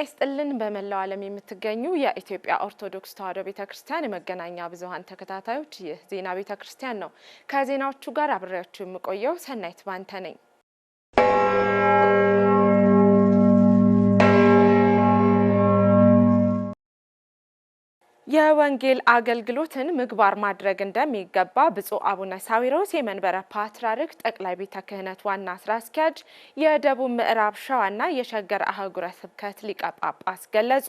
ጤና ይስጥልን። በመላው ዓለም የምትገኙ የኢትዮጵያ ኦርቶዶክስ ተዋሕዶ ቤተ ክርስቲያን የመገናኛ ብዙኃን ተከታታዮች ይህ ዜና ቤተ ክርስቲያን ነው። ከዜናዎቹ ጋር አብሬያችሁ የምቆየው ሰናይት ባንተ ነኝ። የወንጌል አገልግሎትን ምግባር ማድረግ እንደሚገባ ብፁዕ አቡነ ሳዊሮስ የመንበረ ፓትርያርክ ጠቅላይ ቤተ ክህነት ዋና ስራ አስኪያጅ የደቡብ ምዕራብ ሸዋና የሸገር አህጉረ ስብከት ሊቀ ጳጳስ ገለጹ።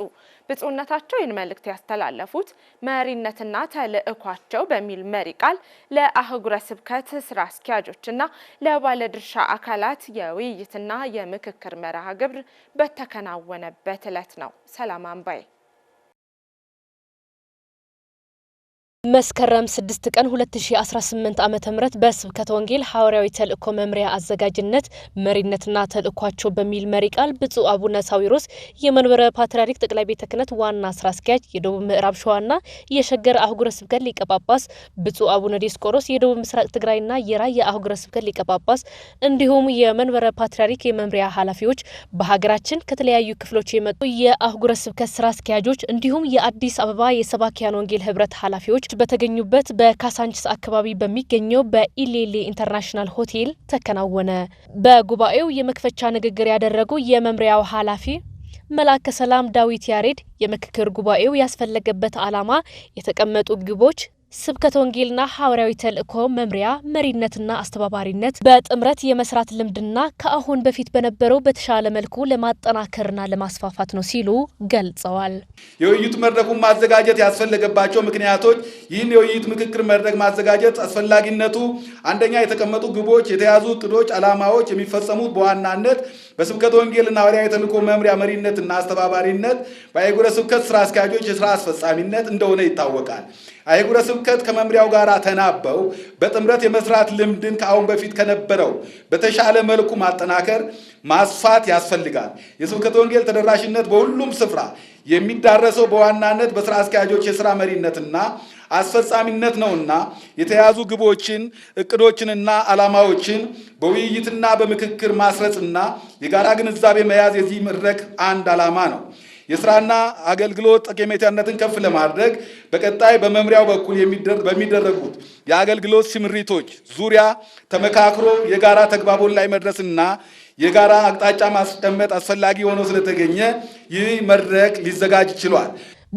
ብፁዕነታቸው ይህን መልእክት ያስተላለፉት መሪነትና ተልዕኳቸው በሚል መሪ ቃል ለአህጉረ ስብከት ስራ አስኪያጆችና ለባለድርሻ አካላት የውይይትና የምክክር መርሃ ግብር በተከናወነበት እለት ነው። ሰላም አምባዬ መስከረም 6 ቀን 2018 ዓ ም በስብከተ ወንጌል ሐዋርያዊ ተልእኮ መምሪያ አዘጋጅነት መሪነትና ተልእኳቸው በሚል መሪ ቃል ብፁዕ አቡነ ሳዊሮስ የመንበረ ፓትርያርክ ጠቅላይ ቤተ ክህነት ዋና ስራ አስኪያጅ የደቡብ ምዕራብ ሸዋና የሸገር አህጉረ ስብከት ሊቀ ጳጳስ፣ ብፁዕ አቡነ ዲስቆሮስ የደቡብ ምስራቅ ትግራይና የራያ አህጉረ ስብከት ሊቀ ጳጳስ እንዲሁም የመንበረ ፓትርያርክ የመምሪያ ኃላፊዎች፣ በሀገራችን ከተለያዩ ክፍሎች የመጡ የአህጉረ ስብከት ስራ አስኪያጆች እንዲሁም የአዲስ አበባ የሰባኪያን ወንጌል ህብረት ኃላፊዎች ተማሪዎች በተገኙበት በካሳንችስ አካባቢ በሚገኘው በኢሌሌ ኢንተርናሽናል ሆቴል ተከናወነ። በጉባኤው የመክፈቻ ንግግር ያደረጉ የመምሪያው ኃላፊ መላከ ሰላም ዳዊት ያሬድ የምክክር ጉባኤው ያስፈለገበት ዓላማ፣ የተቀመጡ ግቦች፣ ስብከተ ወንጌልና ሐዋርያዊ ተልእኮ መምሪያ መሪነትና አስተባባሪነት በጥምረት የመስራት ልምድና ከአሁን በፊት በነበረው በተሻለ መልኩ ለማጠናከርና ለማስፋፋት ነው ሲሉ ገልጸዋል። የውይይቱ መድረኩን ማዘጋጀት ያስፈለገባቸው ምክንያቶች ይህን የውይይት ምክክር መድረክ ማዘጋጀት አስፈላጊነቱ አንደኛ የተቀመጡ ግቦች፣ የተያዙ ጥዶች፣ ዓላማዎች የሚፈጸሙት በዋናነት በስብከተ ወንጌልና ሐዋርያዊ ተልእኮ መምሪያ መሪነትና አስተባባሪነት በአህጉረ ስብከት ስራ አስኪያጆች የስራ አስፈጻሚነት እንደሆነ ይታወቃል። አህጉረ ስብከት ከመምሪያው ጋር ተናበው በጥምረት የመስራት ልምድን ከአሁን በፊት ከነበረው በተሻለ መልኩ ማጠናከር፣ ማስፋት ያስፈልጋል። የስብከት ወንጌል ተደራሽነት በሁሉም ስፍራ የሚዳረሰው በዋናነት በስራ አስኪያጆች የስራ መሪነትና አስፈጻሚነት ነውና የተያዙ ግቦችን እቅዶችንና ዓላማዎችን በውይይትና በምክክር ማስረጽና የጋራ ግንዛቤ መያዝ የዚህ መድረክ አንድ ዓላማ ነው። የስራና አገልግሎት ጠቀሜታነትን ከፍ ለማድረግ በቀጣይ በመምሪያው በኩል በሚደረጉት የአገልግሎት ስምሪቶች ዙሪያ ተመካክሮ የጋራ ተግባቦት ላይ መድረስና የጋራ አቅጣጫ ማስቀመጥ አስፈላጊ ሆኖ ስለተገኘ ይህ መድረክ ሊዘጋጅ ችሏል።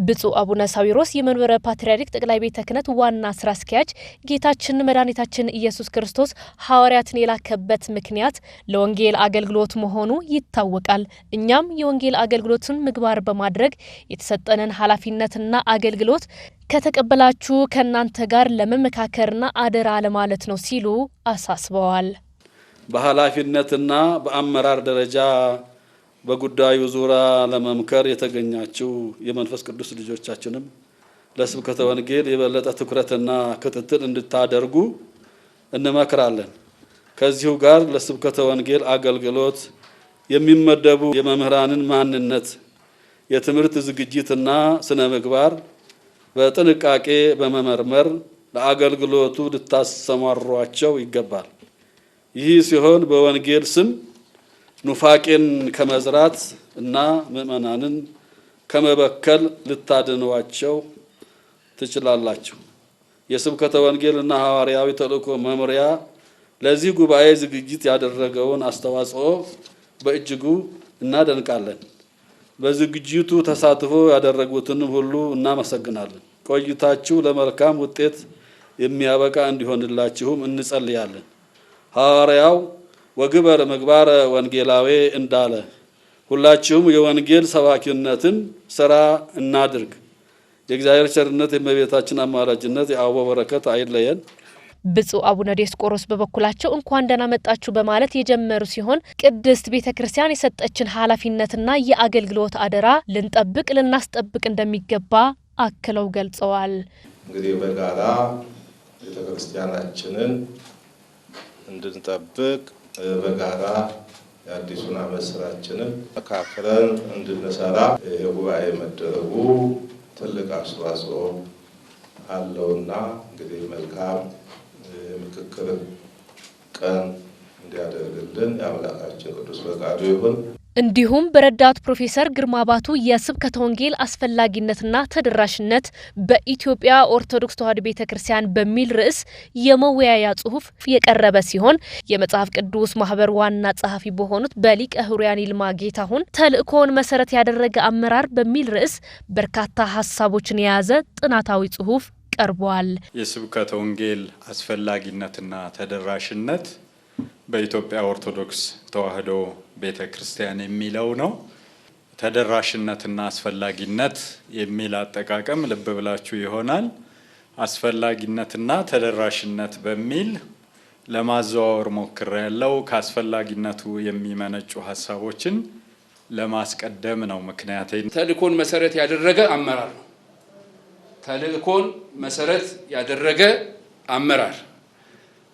ብፁዕ አቡነ ሳዊሮስ የመንበረ ፓትርያርክ ጠቅላይ ቤተ ክህነት ዋና ስራ አስኪያጅ ጌታችን መድኃኒታችን ኢየሱስ ክርስቶስ ሐዋርያትን የላከበት ምክንያት ለወንጌል አገልግሎት መሆኑ ይታወቃል። እኛም የወንጌል አገልግሎትን ምግባር በማድረግ የተሰጠንን ኃላፊነትና አገልግሎት ከተቀበላችሁ ከእናንተ ጋር ለመመካከርና አደራ ለማለት ነው ሲሉ አሳስበዋል። በኃላፊነትና በአመራር ደረጃ በጉዳዩ ዙሪያ ለመምከር የተገኛችው የመንፈስ ቅዱስ ልጆቻችንም ለስብከተ ወንጌል የበለጠ ትኩረትና ክትትል እንድታደርጉ እንመክራለን። ከዚሁ ጋር ለስብከተ ወንጌል አገልግሎት የሚመደቡ የመምህራንን ማንነት፣ የትምህርት ዝግጅትና ስነ ምግባር በጥንቃቄ በመመርመር ለአገልግሎቱ ልታሰማሯቸው ይገባል። ይህ ሲሆን በወንጌል ስም ኑፋቄን ከመዝራት እና ምዕመናንን ከመበከል ልታድኗቸው ትችላላችሁ። የስብከተ ወንጌል እና ሐዋርያዊ ተልእኮ መምሪያ ለዚህ ጉባኤ ዝግጅት ያደረገውን አስተዋጽኦ በእጅጉ እናደንቃለን። በዝግጅቱ ተሳትፎ ያደረጉትንም ሁሉ እናመሰግናለን። ቆይታችሁ ለመልካም ውጤት የሚያበቃ እንዲሆንላችሁም እንጸልያለን። ሐዋርያው ወግበር ምግባረ ወንጌላዌ እንዳለ ሁላችሁም የወንጌል ሰባኪነትን ስራ እናድርግ። የእግዚአብሔር ቸርነት፣ የእመቤታችን አማላጅነት፣ የአቦ በረከት አይለየን። ብፁዕ አቡነ ዲዮስቆሮስ በበኩላቸው እንኳን ደህና መጣችሁ በማለት የጀመሩ ሲሆን ቅድስት ቤተ ክርስቲያን የሰጠችን ኃላፊነትና የአገልግሎት አደራ ልንጠብቅ ልናስጠብቅ እንደሚገባ አክለው ገልጸዋል። እንግዲህ በጋራ ቤተ ክርስቲያናችንን እንድንጠብቅ በጋራ የአዲሱን ዓመት ስራችንን እንድንሰራ የጉባኤ መደረጉ ትልቅ አስተዋጽኦ አለውና እንግዲህ መልካም ምክክር ቀን እንዲያደርግልን የአምላካችን ቅዱስ ፈቃዱ ይሁን። እንዲሁም በረዳት ፕሮፌሰር ግርማ ባቱ የስብከተ ወንጌል አስፈላጊነትና ተደራሽነት በኢትዮጵያ ኦርቶዶክስ ተዋሕዶ ቤተ ክርስቲያን በሚል ርዕስ የመወያያ ጽሑፍ የቀረበ ሲሆን የመጽሐፍ ቅዱስ ማህበር ዋና ጸሐፊ በሆኑት በሊቀ ሕሩያን ይልማ ጌታሁን ተልእኮውን መሰረት ያደረገ አመራር በሚል ርዕስ በርካታ ሀሳቦችን የያዘ ጥናታዊ ጽሑፍ ቀርቧል። የስብከተ ወንጌል አስፈላጊነትና ተደራሽነት በኢትዮጵያ ኦርቶዶክስ ተዋህዶ ቤተ ክርስቲያን የሚለው ነው። ተደራሽነትና አስፈላጊነት የሚል አጠቃቀም ልብ ብላችሁ ይሆናል። አስፈላጊነትና ተደራሽነት በሚል ለማዘዋወር ሞክር ያለው ከአስፈላጊነቱ የሚመነጩ ሀሳቦችን ለማስቀደም ነው። ምክንያት ተልእኮን መሰረት ያደረገ አመራር ነው። ተልእኮን መሰረት ያደረገ አመራር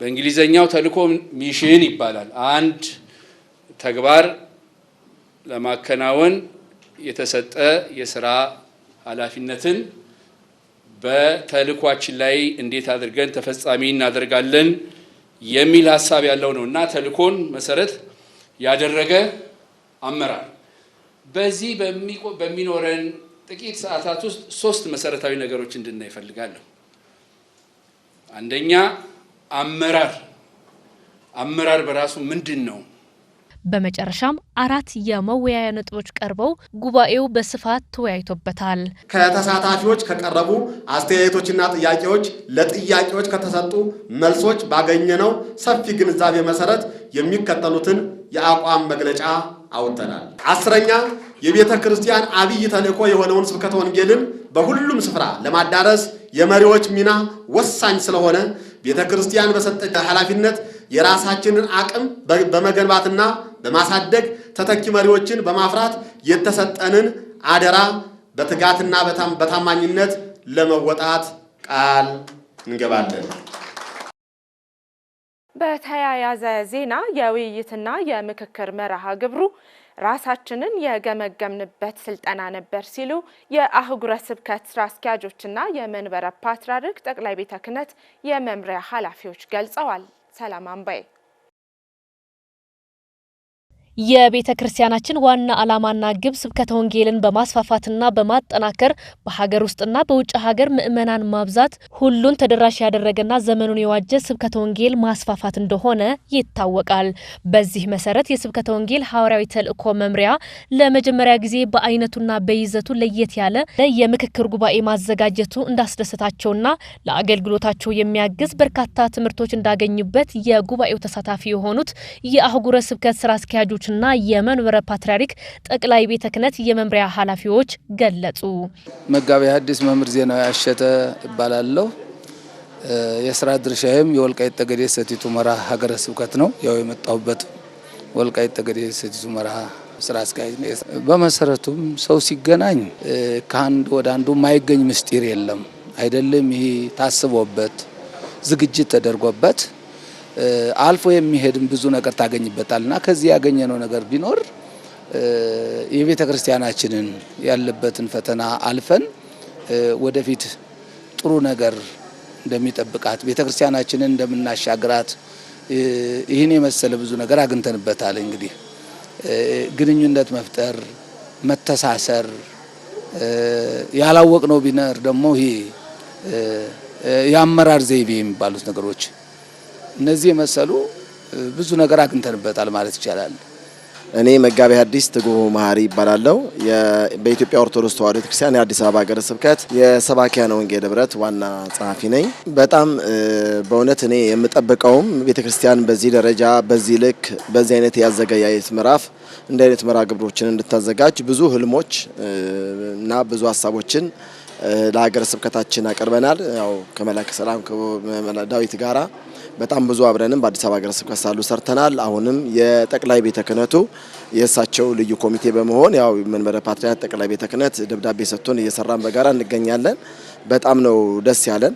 በእንግሊዘኛው ተልእኮ ሚሽን ይባላል። አንድ ተግባር ለማከናወን የተሰጠ የስራ ኃላፊነትን በተልኳችን ላይ እንዴት አድርገን ተፈጻሚ እናደርጋለን የሚል ሀሳብ ያለው ነው እና ተልኮን መሰረት ያደረገ አመራር በዚህ በሚኖረን ጥቂት ሰዓታት ውስጥ ሶስት መሰረታዊ ነገሮች እንድናይ አንደኛ አመራር አመራር በራሱ ምንድን ነው? በመጨረሻም አራት የመወያያ ነጥቦች ቀርበው ጉባኤው በስፋት ተወያይቶበታል። ከተሳታፊዎች ከቀረቡ አስተያየቶችና ጥያቄዎች ለጥያቄዎች ከተሰጡ መልሶች ባገኘነው ሰፊ ግንዛቤ መሰረት የሚከተሉትን የአቋም መግለጫ አውጥተናል። አስረኛ የቤተ ክርስቲያን አብይ ተልእኮ የሆነውን ስብከተ ወንጌልን በሁሉም ስፍራ ለማዳረስ የመሪዎች ሚና ወሳኝ ስለሆነ ቤተ ክርስቲያን በሰጠች ኃላፊነት የራሳችንን አቅም በመገንባትና በማሳደግ ተተኪ መሪዎችን በማፍራት የተሰጠንን አደራ በትጋትና በታማኝነት ለመወጣት ቃል እንገባለን። በተያያዘ ዜና የውይይትና የምክክር መርሃ ግብሩ ራሳችንን የገመገምንበት ስልጠና ነበር ሲሉ የአህጉረ ስብከት ስራ አስኪያጆችና የመንበረ ፓትርያርክ ጠቅላይ ቤተ ክህነት የመምሪያ ኃላፊዎች ገልጸዋል። ሰላም አምባዬ የቤተ ክርስቲያናችን ዋና ዓላማና ግብ ስብከተ ወንጌልን በማስፋፋትና በማጠናከር በሀገር ውስጥና በውጭ ሀገር ምእመናን ማብዛት፣ ሁሉን ተደራሽ ያደረገና ዘመኑን የዋጀ ስብከተ ወንጌል ማስፋፋት እንደሆነ ይታወቃል። በዚህ መሰረት የስብከተ ወንጌል ሐዋርያዊ ተልእኮ መምሪያ ለመጀመሪያ ጊዜ በአይነቱና በይዘቱ ለየት ያለ የምክክር ጉባኤ ማዘጋጀቱ እንዳስደሰታቸውና ለአገልግሎታቸው የሚያግዝ በርካታ ትምህርቶች እንዳገኙበት የጉባኤው ተሳታፊ የሆኑት የአህጉረ ስብከት ስራ አስኪያጆች ጳጳሳትና የመንበረ ፓትርያርክ ጠቅላይ ቤተ ክህነት የመምሪያ ኃላፊዎች ገለጹ። መጋቤ ሐዲስ መምህር ዜናዊ አሸተ እባላለሁ። የስራ ድርሻዬም የወልቃይት ጠገዴ ሰቲት ሁመራ ሀገረ ስብከት ነው። ያው የመጣሁበት ወልቃይት ጠገዴ ሰቲት ሁመራ ስራ አስኪያጅ ነው። በመሰረቱም ሰው ሲገናኝ ከአንድ ወደ አንዱ ማይገኝ ምስጢር የለም አይደለም። ይህ ታስቦበት ዝግጅት ተደርጎበት አልፎ የሚሄድም ብዙ ነገር ታገኝበታል እና ከዚህ ያገኘነው ነገር ቢኖር የቤተ ክርስቲያናችንን ያለበትን ፈተና አልፈን ወደፊት ጥሩ ነገር እንደሚጠብቃት ቤተ ክርስቲያናችንን እንደምናሻግራት ይህን የመሰለ ብዙ ነገር አግኝተንበታል። እንግዲህ ግንኙነት መፍጠር፣ መተሳሰር ያላወቅ ነው ቢነር ደግሞ ይሄ የአመራር ዘይቤ የሚባሉት ነገሮች እነዚህ የመሰሉ ብዙ ነገር አግኝተንበታል ማለት ይቻላል። እኔ መጋቤ ሐዲስ ትጉህ መሀሪ ይባላለሁ። በኢትዮጵያ ኦርቶዶክስ ተዋሕዶ ቤተክርስቲያን የአዲስ አበባ ሀገረ ስብከት የሰባኪያነ ወንጌል ህብረት ዋና ጸሐፊ ነኝ። በጣም በእውነት እኔ የምጠብቀውም ቤተክርስቲያን በዚህ ደረጃ፣ በዚህ ልክ፣ በዚህ አይነት የአዘገያየት ምዕራፍ እንደ አይነት መርሃ ግብሮችን እንድታዘጋጅ ብዙ ህልሞች እና ብዙ ሀሳቦችን ለሀገረ ስብከታችን አቅርበናል። ያው ከመላከ ሰላም ዳዊት ጋራ በጣም ብዙ አብረንም በአዲስ አበባ ሀገረ ስብከት ሳሉ ሰርተናል። አሁንም የጠቅላይ ቤተ ክህነቱ የእሳቸው ልዩ ኮሚቴ በመሆን ያው መንበረ ፓትርያርክ ጠቅላይ ቤተ ክህነት ደብዳቤ ሰጥቶን እየሰራን በጋራ እንገኛለን። በጣም ነው ደስ ያለን።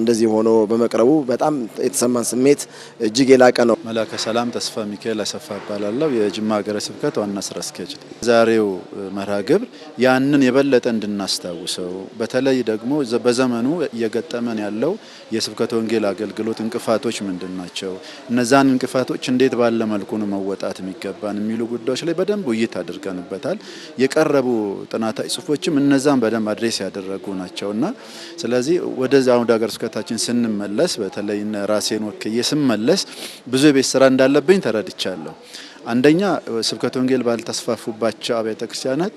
እንደዚህ ሆኖ በመቅረቡ በጣም የተሰማን ስሜት እጅግ የላቀ ነው። መላከ ሰላም ተስፋ ሚካኤል አሰፋ እባላለሁ። የጅማ ሀገረ ስብከት ዋና ስራ አስኪያጅ። ዛሬው መርሃ ግብር ያንን የበለጠ እንድናስታውሰው፣ በተለይ ደግሞ በዘመኑ እየገጠመን ያለው የስብከት ወንጌል አገልግሎት እንቅፋቶች ምንድን ናቸው፣ እነዛን እንቅፋቶች እንዴት ባለ መልኩ ነው መወጣት የሚገባን የሚሉ ጉዳዮች ላይ በደንብ ውይይት አድርገንበታል። የቀረቡ ጥናታዊ ጽሁፎችም እነዛን በደንብ አድሬስ ያደረጉ ናቸውና ስለዚህ ወደዛ ወደ ሀገር ስብከታችን ስንመለስ በተለይ ራሴን ወክዬ ስመለስ ብዙ የቤት ስራ እንዳለብኝ ተረድቻለሁ። አንደኛ ስብከት ወንጌል ባልተስፋፉባቸው አብያተ ክርስቲያናት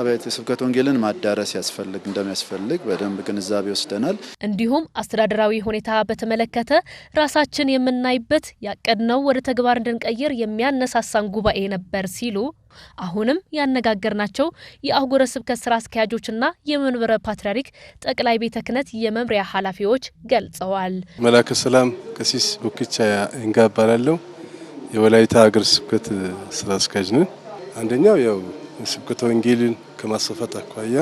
አብያተ ስብከት ወንጌልን ማዳረስ ያስፈልግ እንደሚያስፈልግ በደንብ ግንዛቤ ወስደናል። እንዲሁም አስተዳደራዊ ሁኔታ በተመለከተ ራሳችን የምናይበት ያቀድነው ወደ ተግባር እንድንቀይር የሚያነሳሳን ጉባኤ ነበር ሲሉ አሁንም ያነጋገርናቸው የአህጉረ ስብከት ስራ አስኪያጆችና የመንበረ ፓትርያርክ ጠቅላይ ቤተ ክህነት የመምሪያ ኃላፊዎች ገልጸዋል። መላከ ሰላም ቀሲስ ቦኪቻ እንጋ እባላለሁ። የወላይታ ሀገረ ስብከት ስራ አስኪያጅ ነን። አንደኛው ያው ስብከተ ወንጌልን ከማስፋፋት አኳያ፣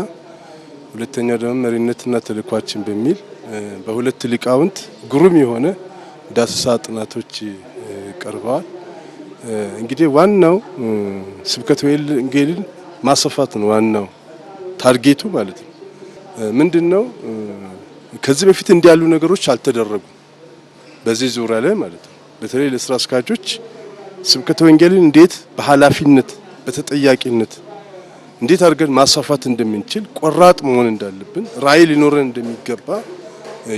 ሁለተኛው ደግሞ መሪነትና ተልእኳችን በሚል በሁለት ሊቃውንት ግሩም የሆነ ዳሰሳ ጥናቶች ቀርበዋል። እንግዲህ ዋናው ስብከት ወንጌልን ማስፋፋት ነው። ዋናው ታርጌቱ ማለት ነው። ምንድን ነው? ከዚህ በፊት እንዲያሉ ነገሮች አልተደረጉም። በዚህ ዙሪያ ላይ ማለት ነው። በተለይ ለስራ አስኪያጆች ስብከተ ወንጌልን እንዴት በኃላፊነት በተጠያቂነት እንዴት አድርገን ማስፋፋት እንደምንችል ቆራጥ መሆን እንዳለብን ራዕይ ሊኖረን እንደሚገባ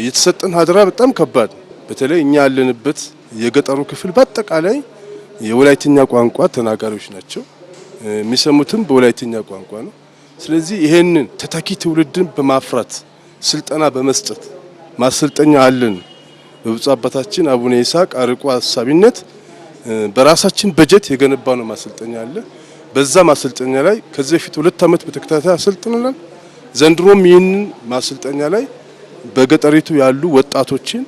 የተሰጠን ሀደራ በጣም ከባድ ነው። በተለይ እኛ ያለንበት የገጠሩ ክፍል በአጠቃላይ የወላይትኛ ቋንቋ ተናጋሪዎች ናቸው። የሚሰሙትም በወላይትኛ ቋንቋ ነው። ስለዚህ ይሄንን ተተኪ ትውልድን በማፍራት ስልጠና በመስጠት ማሰልጠኛ አለን። በብፁዕ አባታችን አቡነ ይስሐቅ አርቆ አሳቢነት በራሳችን በጀት የገነባ ነው ማሰልጠኛ አለ። በዛ ማሰልጠኛ ላይ ከዚህ በፊት ሁለት ዓመት በተከታታይ አሰልጥነናል። ዘንድሮም ይህንን ማሰልጠኛ ላይ በገጠሪቱ ያሉ ወጣቶችን፣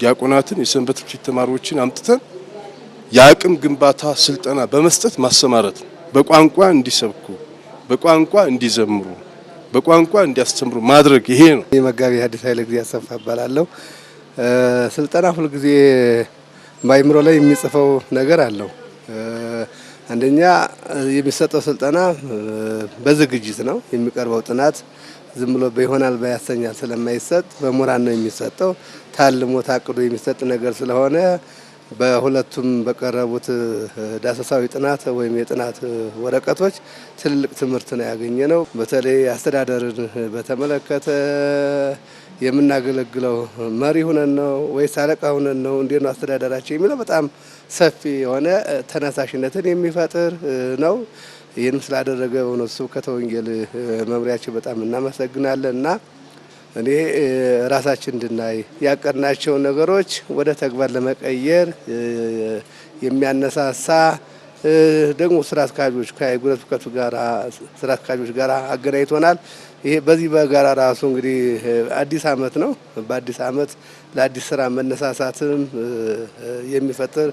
ዲያቆናትን፣ የሰንበት ትምህርት ተማሪዎችን አምጥተን የአቅም ግንባታ ስልጠና በመስጠት ማሰማረት፣ በቋንቋ እንዲሰብኩ፣ በቋንቋ እንዲዘምሩ፣ በቋንቋ እንዲያስተምሩ ማድረግ ይሄ ነው። መጋቢ ሐዲስ ኃይለ ጊዜ አሰፋ እባላለሁ። ስልጠና ሁልጊዜ በአእምሮ ላይ የሚጽፈው ነገር አለው። አንደኛ የሚሰጠው ስልጠና በዝግጅት ነው። የሚቀርበው ጥናት ዝም ብሎ በይሆናል በያሰኛል ስለማይሰጥ በምሁራን ነው የሚሰጠው። ታልሞ ታቅዶ የሚሰጥ ነገር ስለሆነ በሁለቱም በቀረቡት ዳሰሳዊ ጥናት ወይም የጥናት ወረቀቶች ትልቅ ትምህርት ነው ያገኘ ነው። በተለይ አስተዳደርን በተመለከተ የምናገለግለው መሪ ሁነን ነው ወይስ አለቃ ሁነን ነው? እንዴት ነው አስተዳደራቸው የሚለው በጣም ሰፊ የሆነ ተነሳሽነትን የሚፈጥር ነው። ይህንም ስላደረገ በእውነት ስብከተ ወንጌል መምሪያቸው በጣም እናመሰግናለን እና እኔ ራሳችን እንድናይ ያቀድናቸውን ነገሮች ወደ ተግባር ለመቀየር የሚያነሳሳ ደግሞ ስራ አስኪያጆች ከጉረት ፍቀቱ ጋር ስራ አስኪያጆች ጋር አገናኝቶናል። ይሄ በዚህ በጋራ ራሱ እንግዲህ አዲስ አመት ነው። በአዲስ አመት ለአዲስ ስራ መነሳሳትም የሚፈጥር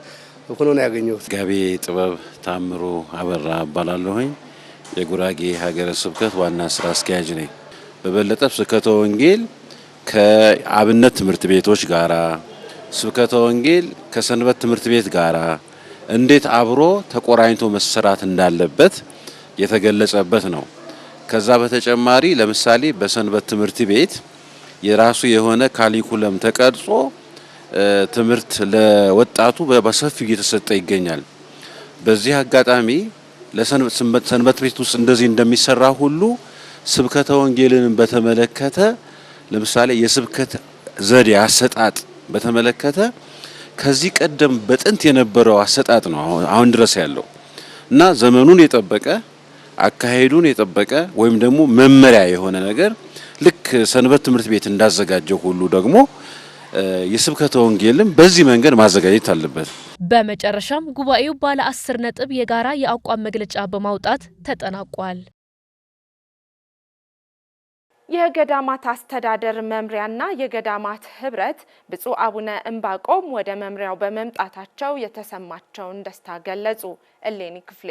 ሆኖ ነው ያገኘሁት። ጋቤ ጥበብ ታምሩ አበራ እባላለሁኝ። የጉራጌ ሀገረ ስብከት ዋና ስራ አስኪያጅ ነኝ። በበለጠ ስብከተ ወንጌል ከአብነት ትምህርት ቤቶች ጋራ ስብከተ ወንጌል ከሰንበት ትምህርት ቤት ጋራ እንዴት አብሮ ተቆራኝቶ መሰራት እንዳለበት የተገለጸበት ነው። ከዛ በተጨማሪ ለምሳሌ በሰንበት ትምህርት ቤት የራሱ የሆነ ካሊኩለም ተቀርጾ ትምህርት ለወጣቱ በሰፊው እየተሰጠ ይገኛል። በዚህ አጋጣሚ ለሰንበት ቤት ውስጥ እንደዚህ እንደሚሰራ ሁሉ ስብከተ ወንጌልን በተመለከተ ለምሳሌ የስብከት ዘዴ አሰጣጥ በተመለከተ ከዚህ ቀደም በጥንት የነበረው አሰጣጥ ነው አሁን ድረስ ያለው እና ዘመኑን የጠበቀ አካሄዱን የጠበቀ ወይም ደግሞ መመሪያ የሆነ ነገር ልክ ሰንበት ትምህርት ቤት እንዳዘጋጀው ሁሉ ደግሞ የስብከተ ወንጌልም በዚህ መንገድ ማዘጋጀት አለበት። በመጨረሻም ጉባኤው ባለ አስር ነጥብ የጋራ የአቋም መግለጫ በማውጣት ተጠናቋል። የገዳማት አስተዳደር መምሪያና የገዳማት ህብረት ብፁዕ አቡነ እምባቆም ወደ መምሪያው በመምጣታቸው የተሰማቸውን ደስታ ገለጹ። እሌኒ ክፍሌ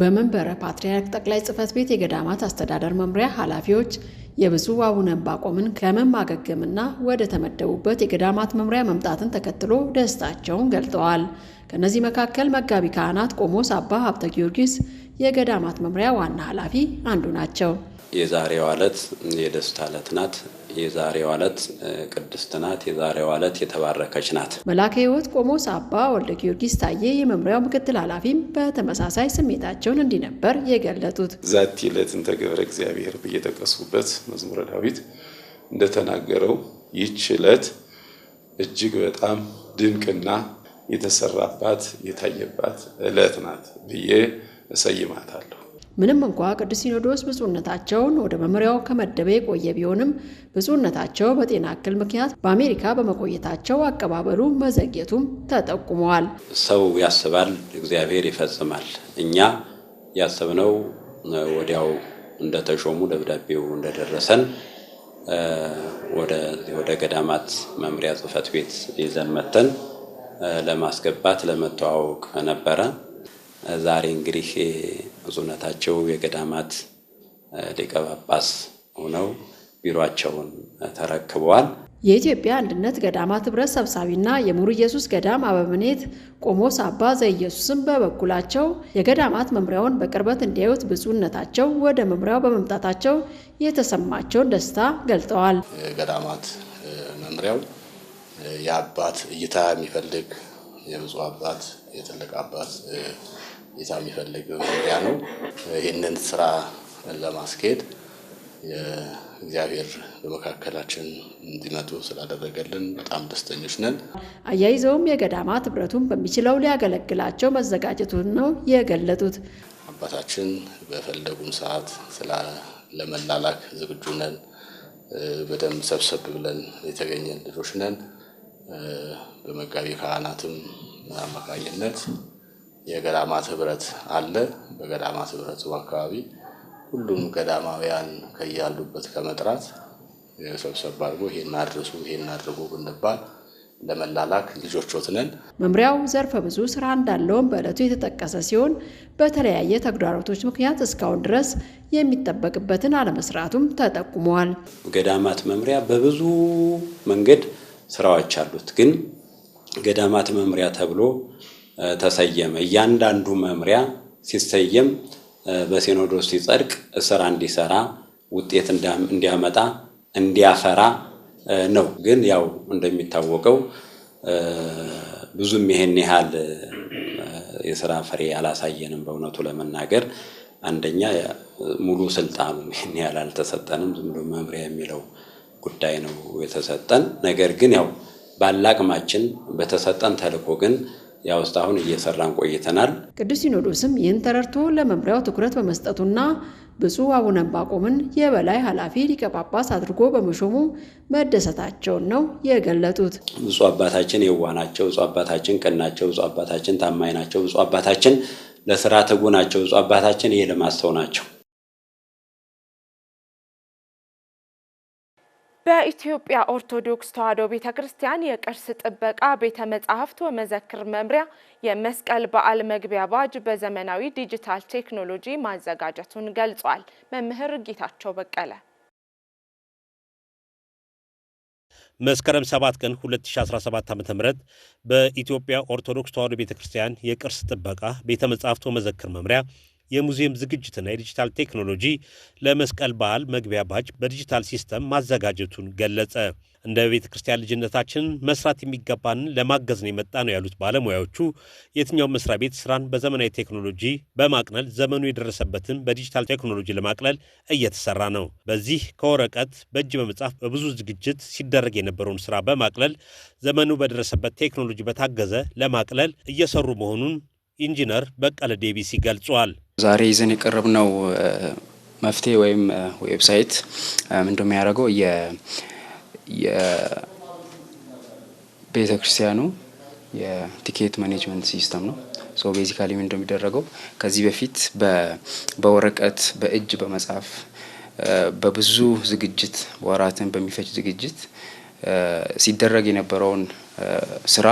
በመንበረ ፓትርያርክ ጠቅላይ ጽህፈት ቤት የገዳማት አስተዳደር መምሪያ ኃላፊዎች የብፁዕ አቡነ እምባቆምን ከመማገገምና ወደ ተመደቡበት የገዳማት መምሪያ መምጣትን ተከትሎ ደስታቸውን ገልጠዋል። ከእነዚህ መካከል መጋቢ ካህናት ቆሞስ አባ ሀብተ ጊዮርጊስ የገዳማት መምሪያ ዋና ኃላፊ አንዱ ናቸው። የዛሬዋ ዕለት የደስታ ዕለት ናት። የዛሬዋ ዕለት ቅድስት ናት። የዛሬዋ ዕለት የተባረከች ናት። መላከ ሕይወት ቆሞስ አባ ወልደ ጊዮርጊስ ታዬ የመምሪያው ምክትል ኃላፊም በተመሳሳይ ስሜታቸውን እንዲህ ነበር የገለጡት። ዛቲ ዕለት እንተ ገብረ እግዚአብሔር ብየጠቀሱበት መዝሙረ ዳዊት እንደተናገረው ይች ዕለት እጅግ በጣም ድንቅና የተሰራባት የታየባት ዕለት ናት ብዬ እሰይማታለሁ። ምንም እንኳ ቅዱስ ሲኖዶስ ብፁዕነታቸውን ወደ መምሪያው ከመደበ የቆየ ቢሆንም ብፁዕነታቸው በጤና እክል ምክንያት በአሜሪካ በመቆየታቸው አቀባበሉ መዘግየቱም ተጠቁመዋል። ሰው ያስባል፣ እግዚአብሔር ይፈጽማል። እኛ ያሰብነው ወዲያው እንደተሾሙ ደብዳቤው እንደደረሰን ወደ ገዳማት መምሪያ ጽሕፈት ቤት ይዘን መተን ለማስገባት ለመተዋወቅ ነበረ። ዛሬ እንግዲህ ብፁዕነታቸው የገዳማት ሊቀ ጳጳስ ሆነው ቢሯቸውን ተረክበዋል። የኢትዮጵያ አንድነት ገዳማት ኅብረት ሰብሳቢና የሙሩ ኢየሱስ ገዳም አበምኔት ቆሞስ አባ ዘኢየሱስም በበኩላቸው የገዳማት መምሪያውን በቅርበት እንዲያዩት ብፁዕነታቸው ወደ መምሪያው በመምጣታቸው የተሰማቸውን ደስታ ገልጠዋል። ገዳማት መምሪያው የአባት እይታ የሚፈልግ የብፁዕ አባት የትልቅ አባት ይዛ የሚፈልግ ያ ነው። ይህንን ስራ ለማስኬድ እግዚአብሔር በመካከላችን እንዲመጡ ስላደረገልን በጣም ደስተኞች ነን። አያይዘውም የገዳማት ህብረቱን በሚችለው ሊያገለግላቸው መዘጋጀቱን ነው የገለጡት። አባታችን በፈለጉን ሰዓት ለመላላክ ዝግጁ ነን። በደንብ ሰብሰብ ብለን የተገኘን ልጆች ነን። በመጋቢ ካህናትም አማካኝነት የገዳማት ህብረት አለ። በገዳማት ህብረቱ አካባቢ ሁሉም ገዳማውያን ከያሉበት ከመጥራት ሰብሰብ አድርጎ ይሄን አድርሱ ይሄን አድርጉ ብንባል ለመላላክ ልጆች ወትነን መምሪያው ዘርፈ ብዙ ስራ እንዳለውም በዕለቱ የተጠቀሰ ሲሆን በተለያየ ተግዳሮቶች ምክንያት እስካሁን ድረስ የሚጠበቅበትን አለመስራቱም ተጠቁመዋል። ገዳማት መምሪያ በብዙ መንገድ ስራዎች አሉት። ግን ገዳማት መምሪያ ተብሎ ተሰየመ። እያንዳንዱ መምሪያ ሲሰየም በሲኖዶስ ሲጸድቅ ስራ እንዲሰራ ውጤት እንዲያመጣ እንዲያፈራ ነው። ግን ያው እንደሚታወቀው ብዙም ይሄን ያህል የስራ ፍሬ አላሳየንም። በእውነቱ ለመናገር አንደኛ ሙሉ ስልጣኑ ይህን ያህል አልተሰጠንም። ዝም ብሎ መምሪያ የሚለው ጉዳይ ነው የተሰጠን። ነገር ግን ያው አቅማችን በተሰጠን ተልዕኮ ግን ያው እስካሁን እየሰራን ቆይተናል። ቅዱስ ሲኖዶስም ይህን ተረድቶ ለመምሪያው ትኩረት በመስጠቱና ብፁዕ አቡነ ዕንባቆምን የበላይ ኃላፊ ሊቀ ጳጳስ አድርጎ በመሾሙ መደሰታቸውን ነው የገለጡት። ብፁዕ አባታችን የዋ ናቸው፣ ብፁዕ አባታችን ቅን ናቸው፣ ብፁዕ አባታችን ታማኝ ናቸው፣ ብፁዕ አባታችን ለስራ ትጉ ናቸው፣ ብፁዕ አባታችን ይሄ ለማስተው ናቸው በኢትዮጵያ ኦርቶዶክስ ተዋሕዶ ቤተ ክርስቲያን የቅርስ ጥበቃ ቤተ መጻሕፍት ወመዘክር መምሪያ የመስቀል በዓል መግቢያ ባጅ በዘመናዊ ዲጂታል ቴክኖሎጂ ማዘጋጀቱን ገልጿል። መምህር ጌታቸው በቀለ መስከረም 7 ቀን 2017 .ም በኢትዮጵያ ኦርቶዶክስ ተዋሕዶ ቤተ ክርስቲያን የቅርስ ጥበቃ ቤተ መጻሕፍት ወመዘክር መምሪያ የሙዚየም ዝግጅትና የዲጂታል ቴክኖሎጂ ለመስቀል በዓል መግቢያ ባጅ በዲጂታል ሲስተም ማዘጋጀቱን ገለጸ። እንደ ቤተ ክርስቲያን ልጅነታችን መስራት የሚገባን ለማገዝ ነው የመጣ ነው ያሉት ባለሙያዎቹ የትኛውም መስሪያ ቤት ስራን በዘመናዊ ቴክኖሎጂ በማቅለል ዘመኑ የደረሰበትን በዲጂታል ቴክኖሎጂ ለማቅለል እየተሰራ ነው። በዚህ ከወረቀት በእጅ በመጻፍ በብዙ ዝግጅት ሲደረግ የነበረውን ስራ በማቅለል ዘመኑ በደረሰበት ቴክኖሎጂ በታገዘ ለማቅለል እየሰሩ መሆኑን ኢንጂነር በቀለ ዴቢሲ ገልጿል። ዛሬ ይዘን የቀረብነው መፍትሄ ወይም ዌብሳይት ምንድን የሚያደርገው የቤተ ክርስቲያኑ የቲኬት ማኔጅመንት ሲስተም ነው። ሶ ቤዚካሊ ምንድ የሚደረገው ከዚህ በፊት በወረቀት በእጅ በመጻፍ በብዙ ዝግጅት ወራትን በሚፈጅ ዝግጅት ሲደረግ የነበረውን ስራ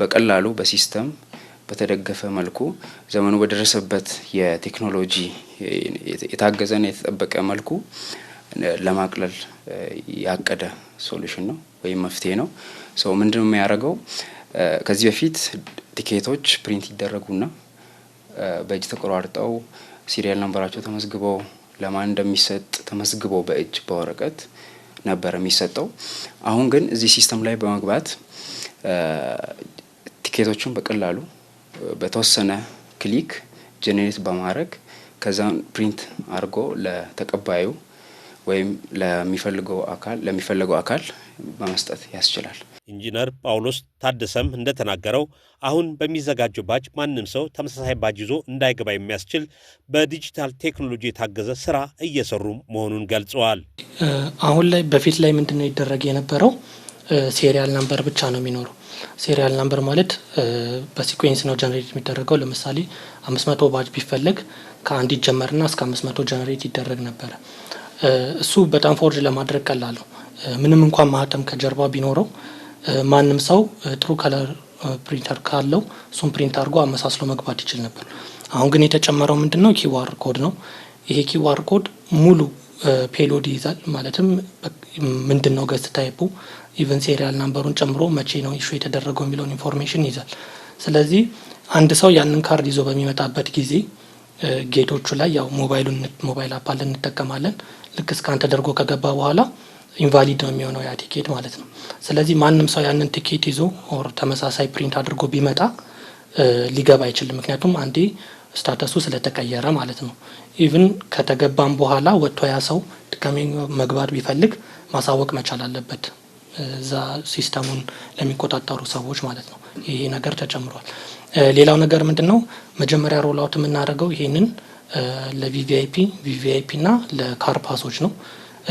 በቀላሉ በሲስተም በተደገፈ መልኩ ዘመኑ በደረሰበት የቴክኖሎጂ የታገዘና የተጠበቀ መልኩ ለማቅለል ያቀደ ሶሉሽን ነው ወይም መፍትሄ ነው። ሰው ምንድን ነው የሚያደርገው? ከዚህ በፊት ቲኬቶች ፕሪንት ይደረጉና በእጅ ተቆራርጠው ሲሪያል ነንበራቸው ተመዝግበው ለማን እንደሚሰጥ ተመዝግበው በእጅ በወረቀት ነበር የሚሰጠው። አሁን ግን እዚህ ሲስተም ላይ በመግባት ቲኬቶቹን በቀላሉ በተወሰነ ክሊክ ጄኔሬት በማድረግ ከዛን ፕሪንት አድርጎ ለተቀባዩ ወይም ለሚፈልገው አካል ለሚፈልገው አካል በመስጠት ያስችላል። ኢንጂነር ጳውሎስ ታደሰም እንደተናገረው አሁን በሚዘጋጀው ባጅ ማንም ሰው ተመሳሳይ ባጅ ይዞ እንዳይገባ የሚያስችል በዲጂታል ቴክኖሎጂ የታገዘ ስራ እየሰሩ መሆኑን ገልጸዋል። አሁን ላይ በፊት ላይ ምንድነው ይደረግ የነበረው ሴሪያል ናምበር ብቻ ነው የሚኖረው ሴሪያል ናምበር ማለት በሲኩዌንስ ነው ጀነሬት የሚደረገው። ለምሳሌ መቶ ባጅ ቢፈለግ ከአንድ ና እስከ መቶ ጀነሬት ይደረግ ነበረ። እሱ በጣም ፎርጅ ለማድረግ ቀላሉ ምንም እንኳን ማህተም ከጀርባ ቢኖረው ማንም ሰው ጥሩ ከለር ፕሪንተር ካለው እሱን ፕሪንት አድርጎ አመሳስሎ መግባት ይችል ነበር። አሁን ግን የተጨመረው ምንድን ነው? ኪዋር ኮድ ነው። ይሄ ኪዋር ኮድ ሙሉ ፔሎድ ይይዛል። ማለትም ምንድን ነው ገጽታ ይቡ ኢቨን ሴሪያል ናምበሩን ጨምሮ መቼ ነው ኢሹ የተደረገው የሚለውን ኢንፎርሜሽን ይዛል። ስለዚህ አንድ ሰው ያንን ካርድ ይዞ በሚመጣበት ጊዜ ጌቶቹ ላይ ያው ሞባይሉን ሞባይል አፓል እንጠቀማለን። ልክ እስካን ተደርጎ ከገባ በኋላ ኢንቫሊድ ነው የሚሆነው ያ ቲኬት ማለት ነው። ስለዚህ ማንም ሰው ያንን ቲኬት ይዞ ኦር ተመሳሳይ ፕሪንት አድርጎ ቢመጣ ሊገባ አይችልም። ምክንያቱም አንዴ ስታተሱ ስለተቀየረ ማለት ነው። ኢቭን ከተገባም በኋላ ወጥቶ ያ ሰው ድጋሚ መግባት ቢፈልግ ማሳወቅ መቻል አለበት። እዛ ሲስተሙን ለሚቆጣጠሩ ሰዎች ማለት ነው። ይሄ ነገር ተጨምሯል። ሌላው ነገር ምንድን ነው? መጀመሪያ ሮላውት የምናደርገው ይሄንን ለቪቪይፒ ቪቪይፒ ና ለካርፓሶች ነው።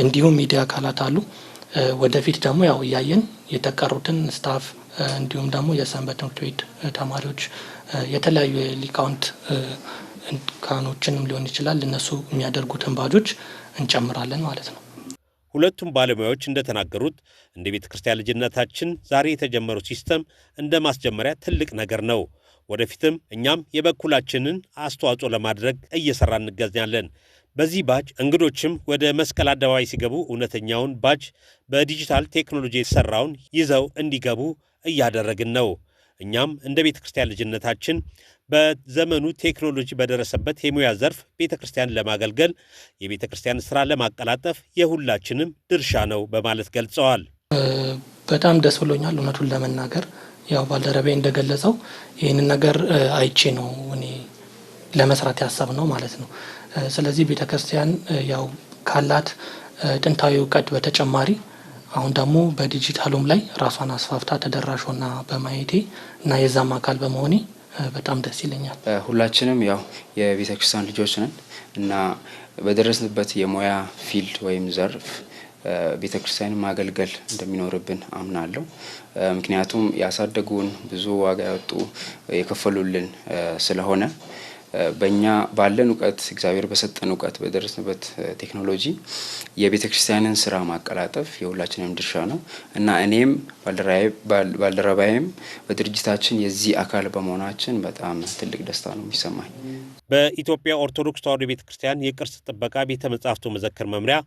እንዲሁም ሚዲያ አካላት አሉ። ወደፊት ደግሞ ያው እያየን የተቀሩትን ስታፍ እንዲሁም ደግሞ የሰንበት ትምህርት ቤት ተማሪዎች የተለያዩ ሊቃውንት ካኖችንም ሊሆን ይችላል እነሱ የሚያደርጉትን ባጆች እንጨምራለን ማለት ነው። ሁለቱም ባለሙያዎች እንደተናገሩት እንደ ቤተ ክርስቲያን ልጅነታችን ዛሬ የተጀመረው ሲስተም እንደ ማስጀመሪያ ትልቅ ነገር ነው። ወደፊትም እኛም የበኩላችንን አስተዋጽኦ ለማድረግ እየሰራ እንገኛለን። በዚህ ባጅ እንግዶችም ወደ መስቀል አደባባይ ሲገቡ እውነተኛውን ባጅ በዲጂታል ቴክኖሎጂ የተሰራውን ይዘው እንዲገቡ እያደረግን ነው። እኛም እንደ ቤተ ክርስቲያን ልጅነታችን በዘመኑ ቴክኖሎጂ በደረሰበት የሙያ ዘርፍ ቤተ ክርስቲያን ለማገልገል የቤተ ክርስቲያን ስራ ለማቀላጠፍ የሁላችንም ድርሻ ነው በማለት ገልጸዋል። በጣም ደስ ብሎኛል። እውነቱን ለመናገር ያው ባልደረቤ እንደገለጸው ይህንን ነገር አይቼ ነው እኔ ለመስራት ያሰብ ነው ማለት ነው። ስለዚህ ቤተ ክርስቲያን ያው ካላት ጥንታዊ እውቀት በተጨማሪ አሁን ደግሞ በዲጂታሉም ላይ ራሷን አስፋፍታ ተደራሽ ሆና በማየቴ እና የዛም አካል በመሆኔ በጣም ደስ ይለኛል። ሁላችንም ያው የቤተክርስቲያን ልጆች ነን እና በደረስንበት የሙያ ፊልድ ወይም ዘርፍ ቤተክርስቲያንን ማገልገል እንደሚኖርብን አምናለሁ። ምክንያቱም ያሳደጉን ብዙ ዋጋ ያወጡ የከፈሉልን ስለሆነ በእኛ ባለን እውቀት እግዚአብሔር በሰጠን እውቀት በደረስንበት ቴክኖሎጂ የቤተ ክርስቲያንን ስራ ማቀላጠፍ የሁላችንም ድርሻ ነው እና እኔም ባልደረባዬም በድርጅታችን የዚህ አካል በመሆናችን በጣም ትልቅ ደስታ ነው የሚሰማኝ። በኢትዮጵያ ኦርቶዶክስ ተዋሕዶ ቤተ ክርስቲያን የቅርስ ጥበቃ ቤተ መጻሕፍቱ መዘክር መምሪያ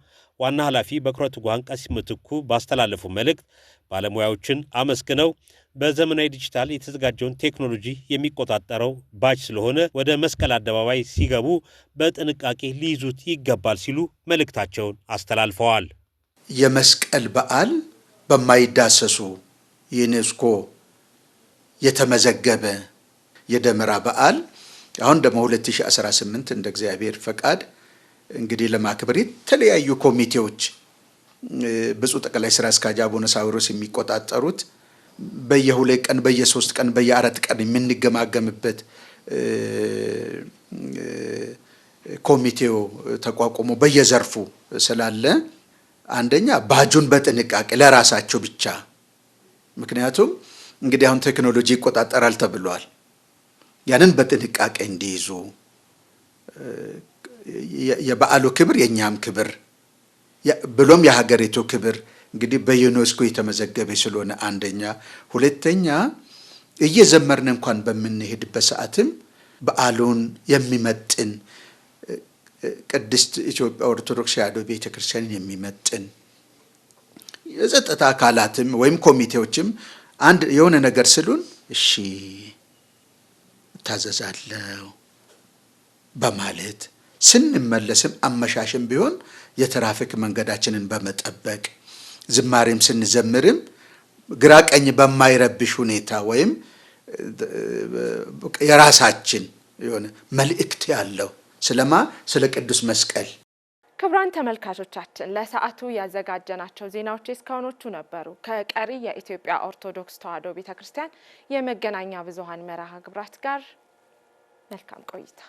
ዋና ኃላፊ በኩረት ትጉሃን ቀሲስ ምትኩ ባስተላለፉ መልእክት ባለሙያዎችን አመስግነው በዘመናዊ ዲጂታል የተዘጋጀውን ቴክኖሎጂ የሚቆጣጠረው ባጅ ስለሆነ ወደ መስቀል አደባባይ ሲገቡ በጥንቃቄ ሊይዙት ይገባል ሲሉ መልእክታቸውን አስተላልፈዋል። የመስቀል በዓል በማይዳሰሱ ዩኔስኮ የተመዘገበ የደመራ በዓል አሁን ደግሞ 2018 እንደ እግዚአብሔር ፈቃድ እንግዲህ ለማክበር የተለያዩ ኮሚቴዎች ብፁዕ ጠቅላይ ስራ አስኪያጅ አቡነ ሳዊሮስ የሚቆጣጠሩት በየሁለት ቀን በየሶስት ቀን በየአራት ቀን የምንገማገምበት ኮሚቴው ተቋቁሞ በየዘርፉ ስላለ አንደኛ ባጁን በጥንቃቄ ለራሳቸው ብቻ ምክንያቱም እንግዲህ አሁን ቴክኖሎጂ ይቆጣጠራል ተብሏል። ያንን በጥንቃቄ እንዲይዙ የበዓሉ ክብር የእኛም ክብር ብሎም የሀገሪቱ ክብር እንግዲህ በዩኔስኮ የተመዘገበ ስለሆነ አንደኛ፣ ሁለተኛ እየዘመርን እንኳን በምንሄድበት ሰዓትም በዓሉን የሚመጥን ቅድስት ኢትዮጵያ ኦርቶዶክስ ተዋሕዶ ቤተክርስቲያንን የሚመጥን የጸጥታ አካላትም ወይም ኮሚቴዎችም አንድ የሆነ ነገር ስሉን እሺ እታዘዛለሁ በማለት ስንመለስም አመሻሽም ቢሆን የትራፊክ መንገዳችንን በመጠበቅ ዝማሬም ስንዘምርም ግራ ቀኝ በማይረብሽ ሁኔታ ወይም የራሳችን የሆነ መልእክት ያለው ስለማ ስለ ቅዱስ መስቀል። ክቡራን ተመልካቾቻችን ለሰዓቱ ያዘጋጀናቸው ዜናዎች እስካሁኖቹ ነበሩ። ከቀሪ የኢትዮጵያ ኦርቶዶክስ ተዋሕዶ ቤተ ክርስቲያን የመገናኛ ብዙኃን መርሃ ግብራት ጋር መልካም ቆይታ